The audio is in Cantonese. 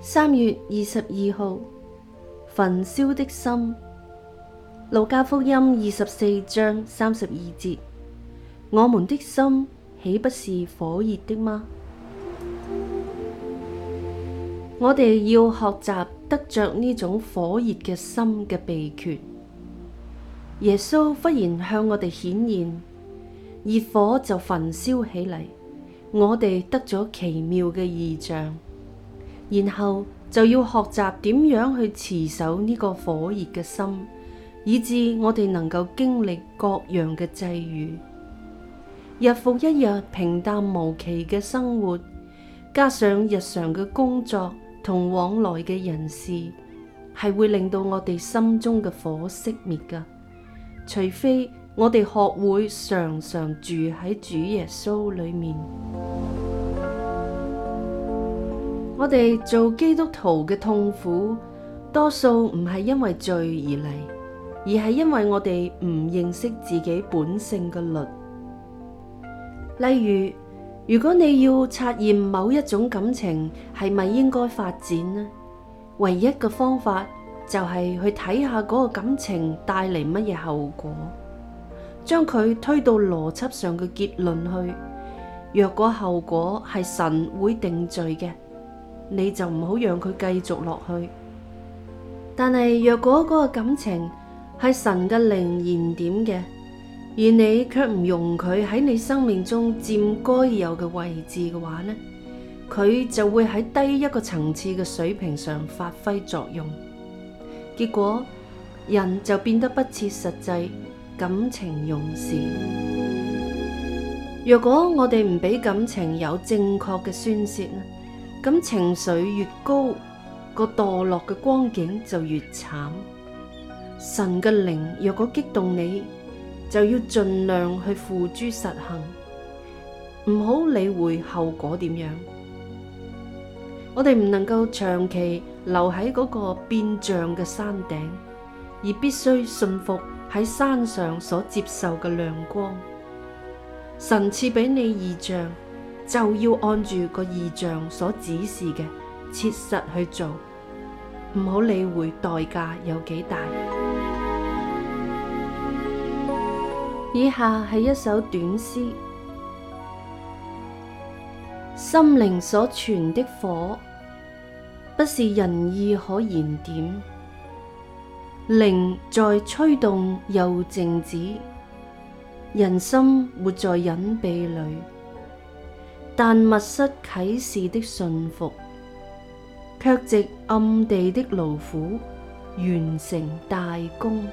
三月二十二號，焚燒的心，路加福音二十四章三十二節，我們的心豈不是火熱的嗎？我哋要學習得着呢種火熱嘅心嘅秘訣。耶穌忽然向我哋顯現，熱火就焚燒起嚟。我哋得咗奇妙嘅異象，然後就要學習點樣去持守呢個火熱嘅心，以致我哋能夠經歷各樣嘅際遇。日復一日平淡無奇嘅生活，加上日常嘅工作同往來嘅人事，係會令到我哋心中嘅火熄滅㗎，除非。我哋學會常常住喺主耶穌裏面。我哋做基督徒嘅痛苦，多數唔係因為罪而嚟，而係因為我哋唔認識自己本性嘅律。例如，如果你要察驗某一種感情係咪應該發展呢？唯一嘅方法就係去睇下嗰個感情帶嚟乜嘢後果。將佢推到邏輯上嘅結論去，若果後果係神會定罪嘅，你就唔好讓佢繼續落去。但係若果嗰個感情係神嘅靈言點嘅，而你卻唔容佢喺你生命中佔該有嘅位置嘅話呢，佢就會喺低一個層次嘅水平上發揮作用，結果人就變得不切實際。感情用事，若果我哋唔俾感情有正確嘅宣泄，咁情緒越高，個墮落嘅光景就越慘。神嘅靈若果激動你，就要盡量去付諸實行，唔好理會後果點樣。我哋唔能夠長期留喺嗰個變象嘅山頂，而必須信服。喺山上所接受嘅亮光，神賜畀你異象，就要按住個異象所指示嘅，切實去做，唔好理會代價有幾大。以下係一首短詩：心靈所傳的火，不是人意可燃點。靈在吹動又靜止，人生活在隱秘裏，但密室啟示的信服，卻藉暗地的勞苦完成大功。